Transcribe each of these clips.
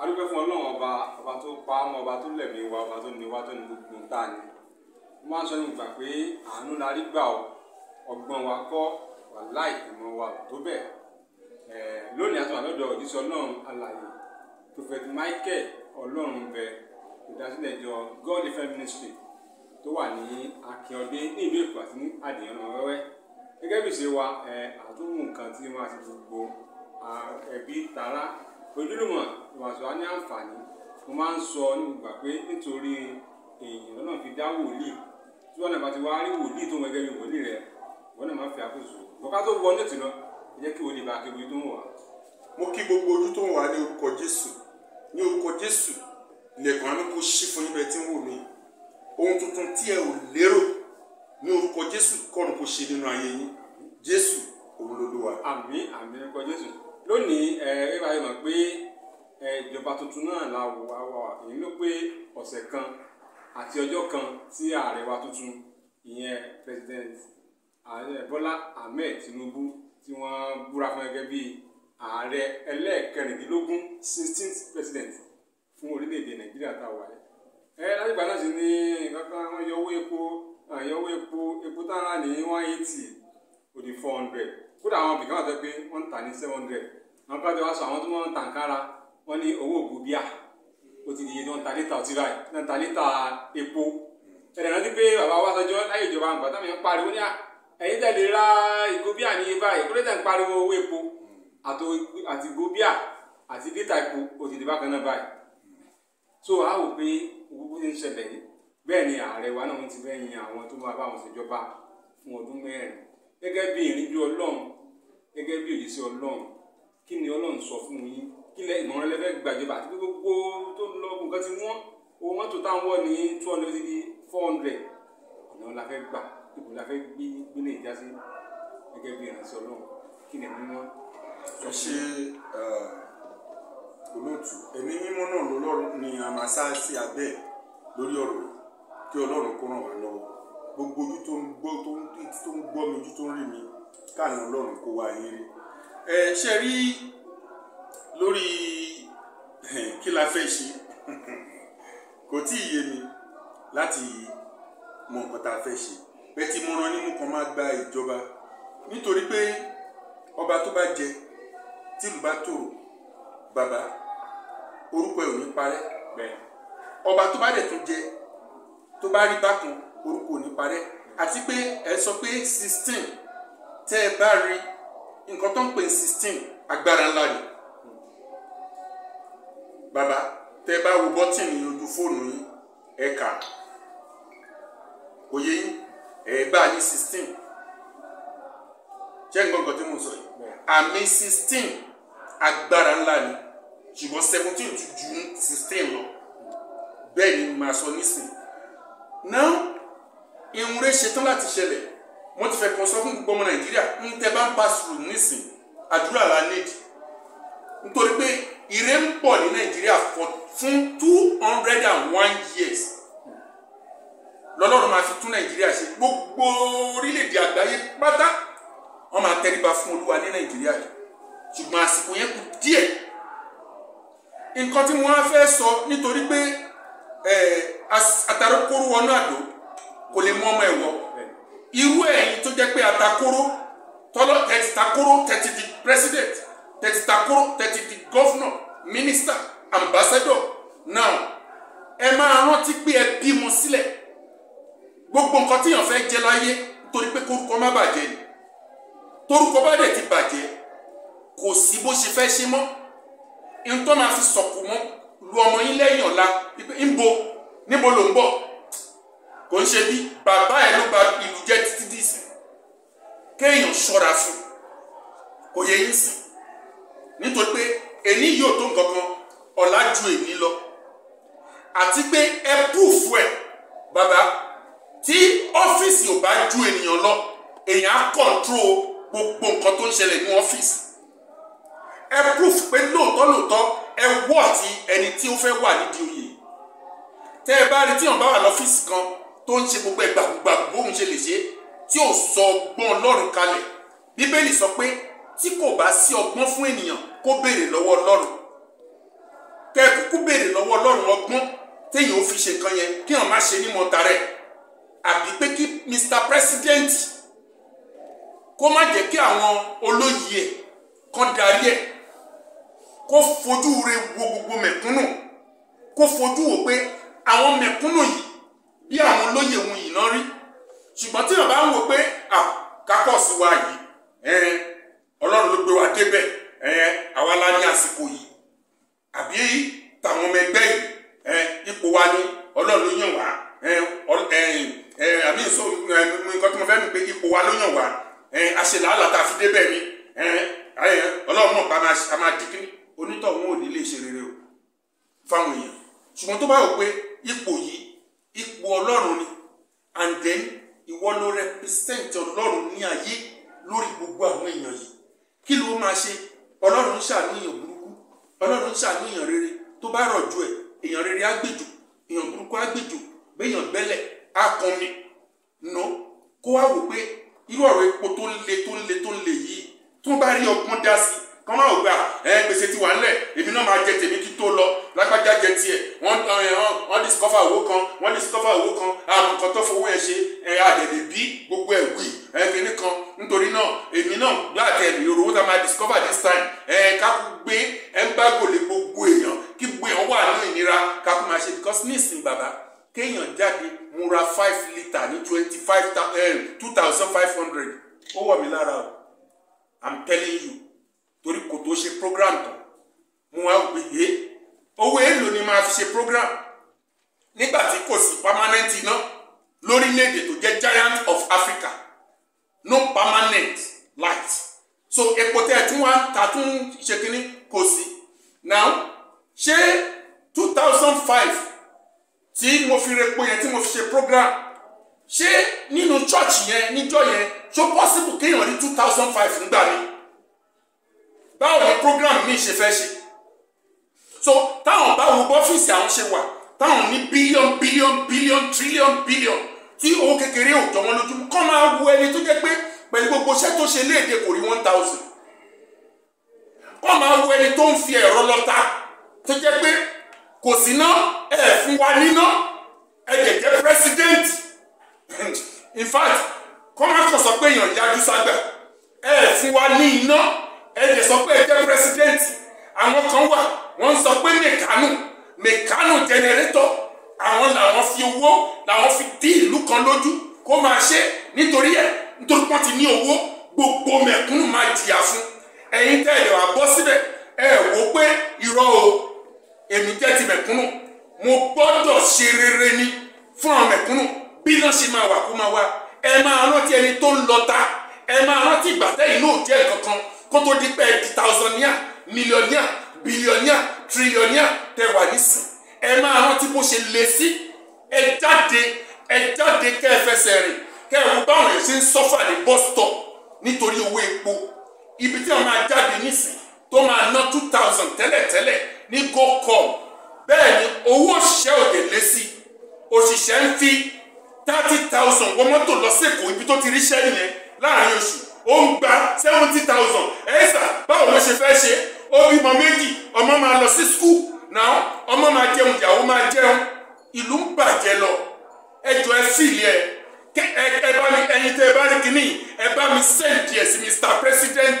adúpẹ́ fún ọlọ́run ọba ọba tó pa á mọ́ ọba tó lẹ̀mí wa ọba tó ní wa tó ní gbogbo tá a ní mo máa ń sọ ní ìgbà pé àánú la rí gbà ọ ọgbọ́n wa kọ́ wà láì ìmọ̀ wa tó bẹ́ẹ̀ lónìí àti àlọ́dọ̀ òjíṣẹ́ ọlọ́run alààyè prophet michael ọlọ́run bẹ ìdásílẹ̀ ìjọ god defence ministry tó wà ní akínọdé ní ìlú èkó àti ní àdìyànnà wẹ́wẹ́ gẹ́gẹ́ bí ṣe wa àtúnwò nǹkan tí wọ́n á ti gbogbo ẹbí tara ojúlùmọ̀ ìwàsó á ní àǹfààní mo máa ń sọ ní pé nítorí èèyàn lọ́nà fi dá wòlíì tí wọ́n náà bá ti wá rí wòlíì tó ń gẹ́gẹ́ bí wòlíì rẹ̀ wọ́n náà máa ń fi àkóso bọ́ká tó wọ ní ìtìlọ ẹ jẹ́ kí wòlíì bá kí tó ń wà. mo kí gbogbo ojú tó ń wà ní orúkọ Jésù ní orúkọ Jésù ilẹ̀kùn àánú kò ṣí fún yín bẹ́ẹ̀ tí ń wò mí ohun tuntun tí ẹ ò lérò ní orúkọ Jésù kọ́nù kò ṣe nínú ayé yín Jésù òun ló lò wá. orúkọ Jésù lónìí ẹ ẹ bá yẹ mọ̀ pé ẹ ìjọba tuntun náà la wà wà èyí ló pé ọ̀sẹ̀ kan àti ọjọ́ kan tí ààrẹ wa tuntun ìyẹn president Bọ́lá Ahmed Tinubu tí wọ́n búra fún gẹ́gẹ́ bí ààrẹ ẹlẹ́ẹ̀kẹrìndínlógún sixteenth president fún orílẹ̀-èdè Nàìjíríà tá a wà yìí ẹ látìgbà náà sì ni kankan wọ́n yọ epo yọ epo epo tára ní one eighty ó four hundred kódà àwọn bìkan wà tó pé wọ́n ń tà ní seven hundred àwọn pàtó wá sọ àwọn tó máa ń kára wọ́n ní owó ògùn bíà ti di iye tó ń ta lítà ọtí báyìí náà ta lítà epo ẹ̀rẹ̀ rántí pé bàbá wa sọjọ́ láyé ìjọba àgbà táwọn èèyàn pariwo ní à ẹ̀yin tẹ̀lé ra ìgò ní báyìí kó lè tẹ̀ ń pariwo owó epo àti ìgò àti lítà epo ó ti di bákan náà báyìí so a wò pé owó bó ti ń ṣẹlẹ̀ yìí bẹ́ẹ̀ ni ààrẹ wa náà ti bẹ́ẹ̀ yin àwọn tó máa bá wọn ṣèjọba fún ọdún mẹ́rin gẹ́gẹ́ bí ìrìnjú ọlọ́run gẹ́gẹ́ bí ìrísí ọlọ́run kí ni ọlọ́run sọ fún yín kí lẹ ìmọ̀ràn lẹ́fẹ́ gbàjọba àti gbogbo tó ń lọ nǹkan ti wọ́n owó mọ́tò táwọn wọ̀ ní two hundred sí four hundred ọ̀nà la fẹ́ gbà ìbò la fẹ́ gbé gbélé ìjà sí gẹ́gẹ́ bí ìrìnsẹ̀ ọlọ́run kí ni ẹ̀mí wọn. ẹ ṣe olóòtú ẹ̀mí mímọ́ náà lọ́lọ́run ni a máa sá sí abẹ́ lórí ọ̀rọ̀ kí ọlọ́run kó ràn wá lọ́wọ́ gbogbo ojú tó ń gbọ́ tó ń rí tó ń gbọ́ mi ojú tó ń rí mi káàánú ọlọ́run kó wá yé rí ẹ ṣe rí lórí kí la fẹ́ ṣe kò tí ì yé mi láti mọ nǹkan tá a fẹ́ ṣe bẹ́ẹ̀ tí mo rán ní kan máa gba ìjọba nítorí pé ọba tó bá jẹ tìlú bá tòrò bàbá orúkọ ẹ̀ ò ní parẹ́ ọba tó bá dẹ̀ tún jẹ tó bá rí bákan orúkọ ní parẹ́ àti pé ẹ sọ pé sixteen tẹ́ ẹ bá rí nǹkan tó ń pè sixteen agbára ńlá ni bàbá tẹ́ ẹ bá wo bọ́tìnì ojú fóònù yín ẹ kà òye yín ẹ bá ní sixteen jẹ́ nǹkan kan tí mo sọ yìí àmì sixteen agbára ńlá ni ṣùgbọ́n seventeen ju sixteen lọ bẹ́ẹ̀ ni màá sọ nísìnyí now irun rẹ̀ ṣetán láti ṣẹlẹ̀ mo ti fẹ́ kàn sọ fún gbogbo ọmọ nàìjíríà ń tẹ́ bá ń pa sùúrù nísìn àdúrà la nídìí nítorí pé ire ń pọ̀ ní nàìjíríà fún two hundred and one years lọ́lọ́run máa fi tún nàìjíríà ṣe gbogbo orílẹ̀-èdè àgbáyé pátá wọ́n máa tẹríba fún olúwa ní nàìjíríà yìí ṣùgbọ́n àsìkò yẹn kù díẹ̀ nǹkan tí wọ́n á fẹ́ sọ nítorí pé eh, àtàrókòrò wọnú àdó kò lè mú ọmọ ẹ̀ wọ irú ẹ̀yin tó jẹ́ pé atakoro tọ́lọ́ tẹ̀tì takoro tẹ̀tì di president tẹ̀tì takoro tẹ̀tì di governor minister ambassador now ẹ máa rántí pé ẹ bímọ sílẹ̀ gbogbo nǹkan tíyàn fẹ́ jẹ láyé torí pé kórúkọ má bàjẹ́ ni torúkọ bá dẹ̀ ti bàjẹ́ kò sí bó ṣe fẹ́ ṣe mọ́ ntọ́ máa fi sọ̀kù mọ́ lu ọmọ yín lẹ́yìn ọ̀la ń níbo ló ń bọ̀ kò ń ṣe bí bàbá ẹ̀ ló ba ìlú jẹ́ títí dìsìn kéèyàn ṣọ́ra fún kò yẹ yín sìn nítorí pé èní yóò tó nǹkan kan ọ̀la ju èní lọ àti pé ẹ púùfù ẹ̀ bàbá tí ọ́fíìsì ò bá ju ènìyàn lọ èèyàn á kọ̀ǹtró gbogbo nǹkan tó ń ṣẹlẹ̀ ní ọ́fíìsì ẹ púùfù pé lóòótọ́ lóòótọ́ ẹ wọ̀ ẹni tí ó fẹ́ wà nídìí oyè tẹ́ ẹ bá rí tíyàn bá wà lọ́fíìsì kan tó ń ṣe gbogbo ẹgbàgbà bóun ṣe lè ṣe tí ò sọ ọgbọ́n ọlọ́run kalẹ̀ bíbélì sọ pé tí kò bá sí ọgbọ́n fún ènìyàn kó béèrè lọ́wọ́ ọlọ́run kẹ́ ẹ kúkú béèrè lọ́wọ́ ọlọ́run ọgbọ́n téèyàn ò fi ṣe kan yẹn kí èèyàn má ṣe ní mọ́tàrẹ́ àbí pé kí Mr President kó má jẹ́ kí àwọn olóyè ẹ̀ kan darí ẹ̀ kó fojú re wo gbogbo mẹ̀kúnnù kó fojú wò pé àwọn mẹ̀kúnnù yìí olóyè òun yìí náà rí ṣùgbọ́n tí bàbá ń pé wa yìí ọlọ́run ló gbé wa débẹ̀ àwa la ní àsìkò yìí àbí tàwọn ọmọ ẹgbẹ́ yìí ipò wa ni ọlọ́run ló yàn wá àbí nǹkan tí mo fẹ́ mi pé ipò wa ló yàn wá àṣelàálà tá a fi débẹ̀ ni ọlọ́run mọ̀ pé a máa di kí onítọ̀hún ò ní lè ṣe rere o ìwọ ló represent ọlọ́run ní ayé lórí gbogbo àwọn èèyàn yìí kí ló máa ṣe ọlọ́run ń ṣàánú èèyàn burúkú ọlọ́run ń ṣàánú èèyàn rere tó bá rọ̀jò ẹ̀ èèyàn rere á gbèjò èèyàn burúkú á gbèjò béèyàn gbẹ́lẹ̀ á kan mi nù kó wá wò pé irú ọ̀rọ̀ epo tó ń le tó ń le tó ń le yìí tó bá rí ọgbọ́n dá sí kọ́ máa gbà ah, ẹ gbèsè ti wà ńlẹ̀ èmi náà máa jẹ tèmi kí tó lọ lágbájá jẹ tiẹ̀ wọ́n wọ́n discover owó kan wọ́n discover owó kan àrùn kan tó fowó ẹ ṣe ẹ àdẹ̀dẹ̀ bí gbogbo ẹ̀ wì ẹ kìíní kan nítorí náà èmi náà gbà tẹ̀ èrò owó tá a máa discover this time so epo tẹ́ ẹ tún wá ta tún ṣe kínní kò sí now ṣé two thousand five tí mo fi repo yẹn tí mo fi ṣe program ṣé nínú church yẹn níjọ́ yẹn ṣó possible kéèyàn rí two thousand five nígbà mi báwo ni program mi ṣe fẹ́ ṣe so táwọn bá wo bọ́fíìsì àwọn ṣe wà táwọn ní billion, billion, bílíọ̀n tírílíọ̀n bílíọ̀n tí owó kékeré ò jọ wọn lójú kọ́ máa wo ẹni tó jẹ́ pé pẹ̀lú gbogbo iṣẹ́ tó ṣe léde kò rí one thousand kọ́ máa wo ẹni tó ń fi ẹ̀rọ lọ́ta tó jẹ́ pé kò sí ná ẹ̀ fún wa níná ẹ̀ jẹ̀jẹ̀ president in fact kọ́ máa kọ̀ sọ pé èèyàn yájú ságbà ẹ̀ fún wa ní iná ẹ̀ jẹ̀ sọ pé ẹ̀ jẹ́ president àwọn kan wà wọ́n ń sọ pé mẹ̀kánù mẹ̀kánù jẹnẹrétọ̀ àwọn làwọn fi owó làwọn fi dí ìlú kan lójú kó máa ṣe nítorí ẹ̀ nítorí wọ́n ti ní owó gbogbo mẹ̀kúnnù máa jìyà fún ẹ̀yin tẹ́ ẹ̀ wá bọ́ síbẹ̀ ẹ̀ wò pé irọ́ o èmi jẹ́ ti mẹ̀kúnnù mo gbọ́dọ̀ ṣe rere ni fún àwọn mẹ̀kúnnù bí náà ṣe máa wà kó máa wà ẹ máa rántí ẹni tó ń lọ ta ẹ máa rántí ìgbà tẹ́yìn náà jẹ́ kankan kó tó di pé di tàùsàníà mílíọ̀níà bílíọ̀níà tírílíọ̀níà tẹwà nísìn ẹ máa rántí bó ṣe lé sí ẹ jáde ẹ jáde kẹ́ ẹ fẹsẹ̀ rìn kẹ́ẹ̀wù báwọn èèyàn ṣe ń sọ́fà ní bọ́sítọ̀ nítorí owó epo ibi tí wọ́n máa jáde nísìn tó máa ná two thousand tẹ́lẹ̀tẹ́lẹ̀ ní gocom bẹ́ẹ̀ ni owó òṣìṣẹ́ òde lé sí òṣìṣẹ́ ń fi thirty thousand wọ mọ́tò lọ sẹ́kọ̀ọ́ ibi tó ti ríṣẹ́ nìyẹn láàrin oṣù ó ń gba seventy thousand ẹ̀ẹ́sà báwo ló ṣe fẹ́ ṣe ó bímọ méjì ọmọ máa lọ sí skul náà ọmọ máa jẹun ìyàwó máa jẹun ìlú ń bàjẹ́ lọ ẹjọ́ ẹ fìlì ẹ̀ kẹ ẹ ẹ tẹ ẹ bá rí kínní ẹ bá mi send yes mr president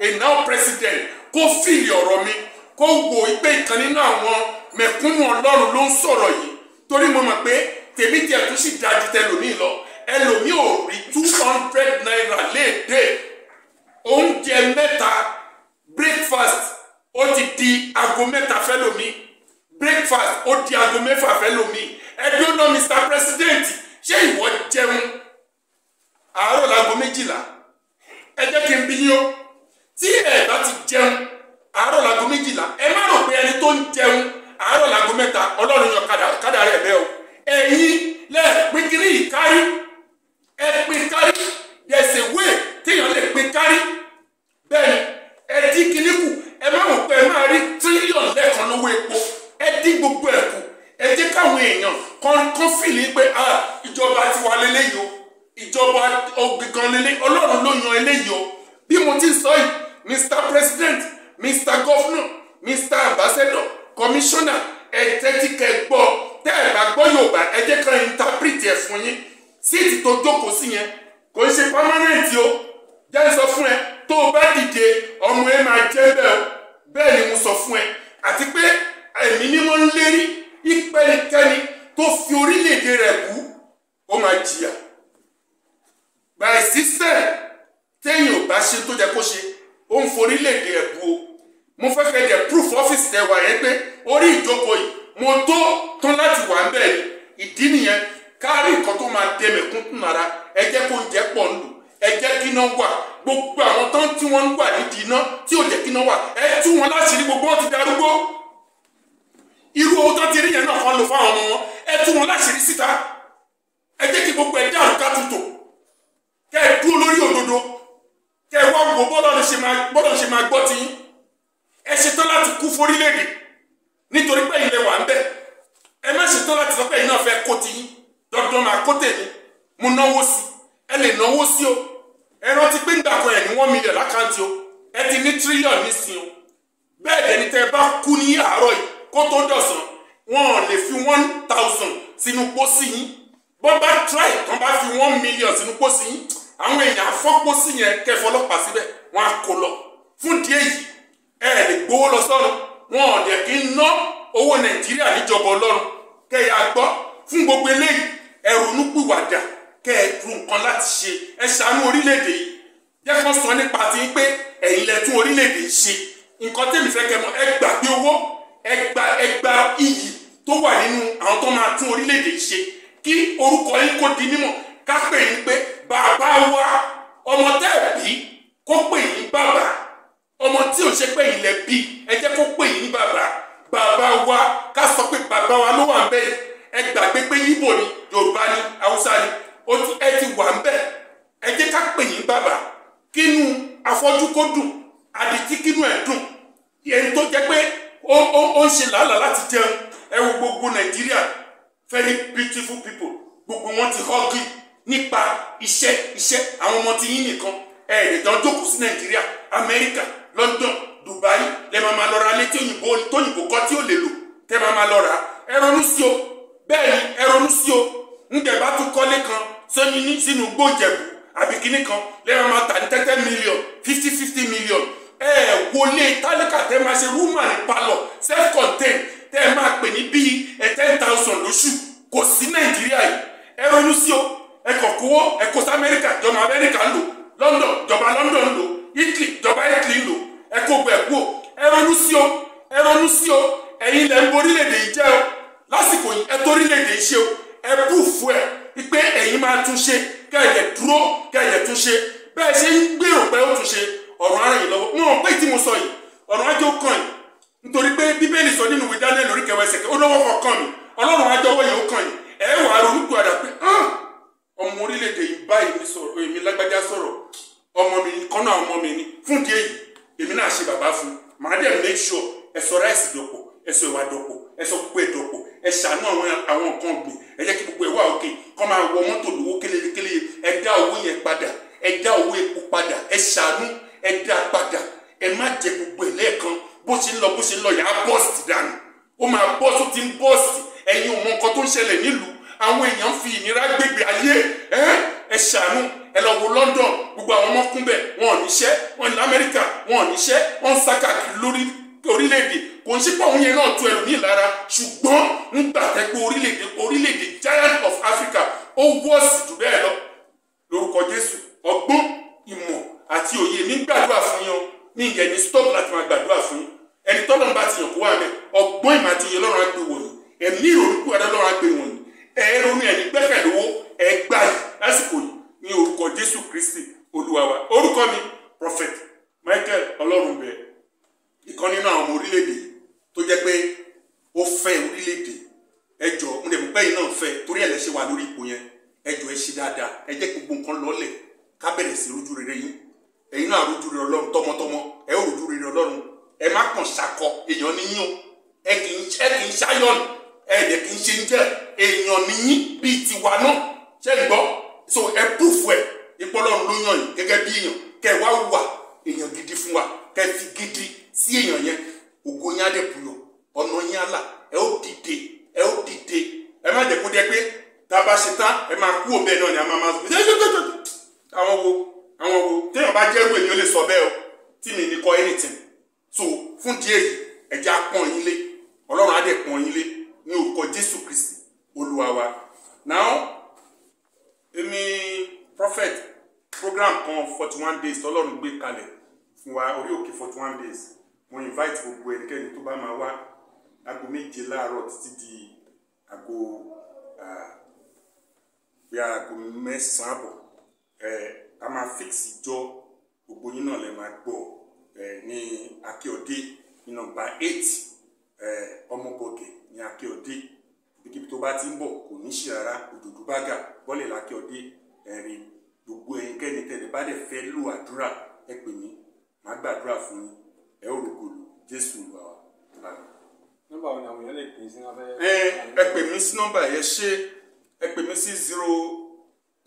a now president kó fìlì ọ̀rọ̀ mi kó wò ó pé ìkan nínú àwọn mẹ̀kúnnù ọlọ́run ló ń sọ̀rọ̀ yìí torí mo mọ̀ pé tèmi tiẹ̀ tún sì dájú tẹlòmíì lọ ẹlòmíì ò caiu. kò ń ṣe pámánẹ́ǹtì o jẹ́ sọ fún ẹ tó o bá dìde ọmọ ẹ máa jẹ́ bẹ́ẹ̀ o bẹ́ẹ̀ ni mo sọ fún ẹ àti pé ẹ̀mí mímọ́ ń lérí ìpẹ́nikẹ́ni tó fi orílẹ̀-èdè rẹ̀ kú ó máa jìyà by system téèyàn bá ṣe tó jẹ kó ṣe ó ń forílẹ̀-èdè ẹ̀ o mo fẹ́ fẹ́ dẹ̀ proof office tẹ̀ wà yẹn pé orí ìjókòó yìí mo tó tán láti wà ń bẹ̀ ìdí nìyẹn kárí nǹkan tó máa dẹ̀mẹ̀kún kún ara ẹ jẹ́ kó oúnjẹ pọ̀ ń lò ẹ jẹ́ kí iná wà gbogbo àwọn tán tí wọ́n ń wà nídìí iná tí ò jẹ́ kí iná wà ẹ tú wọn láti rí gbogbo wọn ti darúgbó irú owó tó ti rí yẹn náà kan lò fáwọn ọmọ wọn ẹ tú wọn láti rí síta ẹ jẹ́ kí gbogbo ẹ̀ dáhùn ká tutù kẹ́ ẹ dúró lórí òdodo kẹ́ ẹ wá wò bọ́dọ̀ ṣe máa gbọ́ ti yín ẹ ṣetán láti kú forílẹ̀-èdè nítorí pé ilẹ̀ wà ń bẹ̀ ẹ má ṣetán láti sọ pé iná fẹ́ kó ti yín dandan máa kó tèmi mo náwó sí i ẹ lè náwó sí o ẹ rántí pé ń dàkọ ẹ̀ ní one million lákàntì o ẹ ti ní tírílíọ̀nù nísìn o bẹ́ẹ̀ dẹ̀ ni tẹ́ ẹ bá kú ní àárọ̀ yìí kó tó dọ̀sán wọn ò lè fi one thousand sínú pósí yín bọ́n bá try tán bá fi one million sínú pósí yín àwọn èèyàn afọ́pósí yẹn kẹfọ́ ọlọ́pàá síbẹ̀ wọn á kó lọ fún díẹ̀ yìí ẹ lè gbowó lọ sọ́run wọn ò dẹ̀ kí ń ná owó nàìjíríà níjọba ọlọ́run kẹ́yà gbọ́ fún gbogbo eléyìí ẹ̀rù nípìwàdà kẹ́ ẹ tún nǹkan láti ṣe ẹ ṣàánú orílẹ̀-èdè yìí jẹ́ kó sọ nípa ti pé ẹ̀yin lẹ tún orílẹ̀-èdè ṣe nǹkan tèmi fẹ́ kẹ́ mọ̀ ẹ gbàgbé owó ẹ gba ẹ gba iyì tó wà nínú àwọn tó máa tún orílẹ̀-èdè ṣe kí orúkọ yín kó di mímọ̀ ká pè yín pé bàbá wa ọmọ tẹ́ ẹ̀ bí kó pè yín bàbá ọmọ tí ò ṣe pé ilẹ̀ bí ẹ jẹ́ kó pè yín bàbá bàbá wa ká sọ pé bàbá wa ló wà ń bẹ́ẹ̀ ẹ gbàgbé pé yíbò ni yorùbá ni haúsá ni ẹ ti wà ń bẹ̀ ẹ jẹ́ ká pè yín bàbá kínú afọ́jú kó dùn àdìtí kínú ẹ̀ dùn ẹni tó jẹ́ pé ó ń ṣe làálàá láti jẹun ẹ wo gbogbo nàìjíríà very beautiful people gbogbo wọn ti hungry nípa iṣẹ́ iṣẹ́ àwọn ọmọ ti yín nìkan ẹ lè jọ jókòó sí nàìjíríà amẹ́ríkà london dubai lẹ máa ma lọ ra létí òyìnbó tóyìnbó kan tí ó lè lò tẹ máa ma lọ ra ẹ ronú sí o bẹ́ẹ̀ ni ẹ ronú sí o ńgbẹ̀ bá tún kọ́lé kan sẹ́yìn sínú gbòjẹ̀bù àbí kínní kan lẹ́yìn máa tà ní tẹ́tẹ́ mílíọ̀n fifty fifty mílíọ̀n ẹ wọlé tálíkà tẹ́ máa ṣe rúmà ní palọ̀ self contained tẹ́ máa pè ní bíi ten thousand lóṣù pé èmi lágbájá sọ̀rọ̀ ọmọ mi kọ́nà ọmọ mi ni fún díẹ̀ yìí níṣẹ́ wọn ní amẹ́ríkà wọn níṣẹ́ wọn ń sá káàkiri lórí orílẹ̀-èdè kò ń sípò òun yẹn náà tu ẹlòmíì lára ṣùgbọ́n ń gbàtẹ́ pé orílẹ̀-èdè orílẹ̀-èdè giant of Africa ó wọ́ọ̀sì jù bẹ́ẹ̀ lọ lórúkọ Jésù ọgbọ́n ìmọ̀ àti òye mi gbàdúrà fún yín ní ìyẹn ní stop láti máa gbàdúrà fún yín ẹni tọ́lọ́run bá ti yàn kó wà mẹ́ ọgbọ́n ìmọ̀ àti iye lọ́run àgbè wọ̀nyí ẹ̀mí ìrònú kúrẹ́dá lọ́run àgbè wọ̀nyí sí èèyàn yẹn ògo yín á dẹ̀ buyọ̀ ọ̀nà yín á là ẹ ó dìde ẹ ó dìde ẹ má jẹ́ kó jẹ́ pé tá a bá ṣe tán ẹ máa kú òbẹ́ náà ni a máa máa sọ àwọn wo àwọn wo téèyàn bá jẹ́rú èmi ò lè sọ bẹ́ẹ̀ o tí mi ní kọ́ anything so fún díẹ̀ yìí ẹ jẹ́ á pọ́n yín lé ọlọ́run á dẹ̀ pọ́n yín lé ní orúkọ jésù kristi olúwa wa now èmi prophet program kan forty one days tọ́lọ́run gbé kalẹ̀ fún wa orí òkè forty one days mo invite gbogbo ẹnikẹ́ni tó bá máa wá láago méje láàárọ̀ títí di aago bí aago mẹ́sàn-án àbọ̀ a máa fix ìjọ gbogbo yín náà lè máa gbọ́ ní akíọ̀dé ní nọ́mbà eight ọmọbọ̀gẹ̀ ní akíọ̀dé ibikíbi tó bá ti ń bọ̀ kò ní ṣe rárá òdòdó bága bọ́lẹ̀ lákíọ̀dé ẹ̀rín gbogbo ẹnikẹ́ni tẹ̀lé bá dẹ̀ fẹ́ lò àdúrà ẹ pè mí màá gbàdúrà fún yín ẹ ó rògbò lò jésù lọ àwọn. nọ́mbà wo ni àwọn èèyàn lè pè sí náà fẹ́ẹ́. ẹ pè mí sí nọ́mbà yẹn ṣé ẹ pè mí sí zero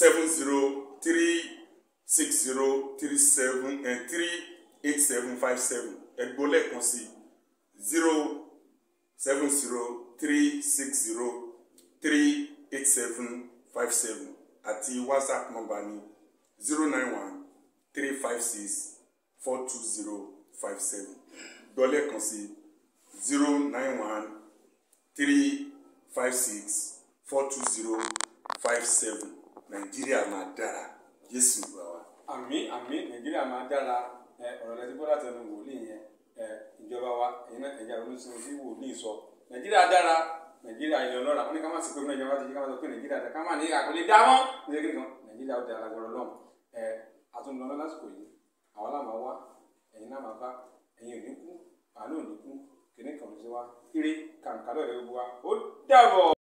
seven zero three six zero three seven eh, three eight seven five seven ẹ gbọ́ lẹ́ẹ̀kan sí zero seven zero three six zero three eight seven five seven àti whatsapp nọ́mbà mi zero nine one three five six four two zero five seven dọ́lẹ̀ kan sí zero nine one three five six four two zero five seven nàìjíríà máa dára jésù gbà wá. àmì àmì nàìjíríà máa dára ọ̀rọ̀ lẹ́tí bọ́lá tẹnu wòlíì yẹn ìjọba wa ẹ̀yin náà ẹ̀jẹ̀ àwọn oníṣẹ́ tí wòlíì sọ nàìjíríà dára nàìjíríà ilẹ̀ ọlọ́ra wọn ni ká má sì pé mi náà ìjọba ti jí ká má sọ pé nàìjíríà dára ká má ní àkọlé dá mọ́ nàìjíríà ó dára lágbọ̀rọ̀ lọ́hùn àtúndọ̀nà lásìkò yìí àwọn aláàmọ̀ wá ẹ̀yin náà máa bá ẹ̀yin ò kú àánú ò kú kìnnìkan ló ṣe kàǹkà lọ́rẹ̀ gbogbo wa ó dàbọ̀.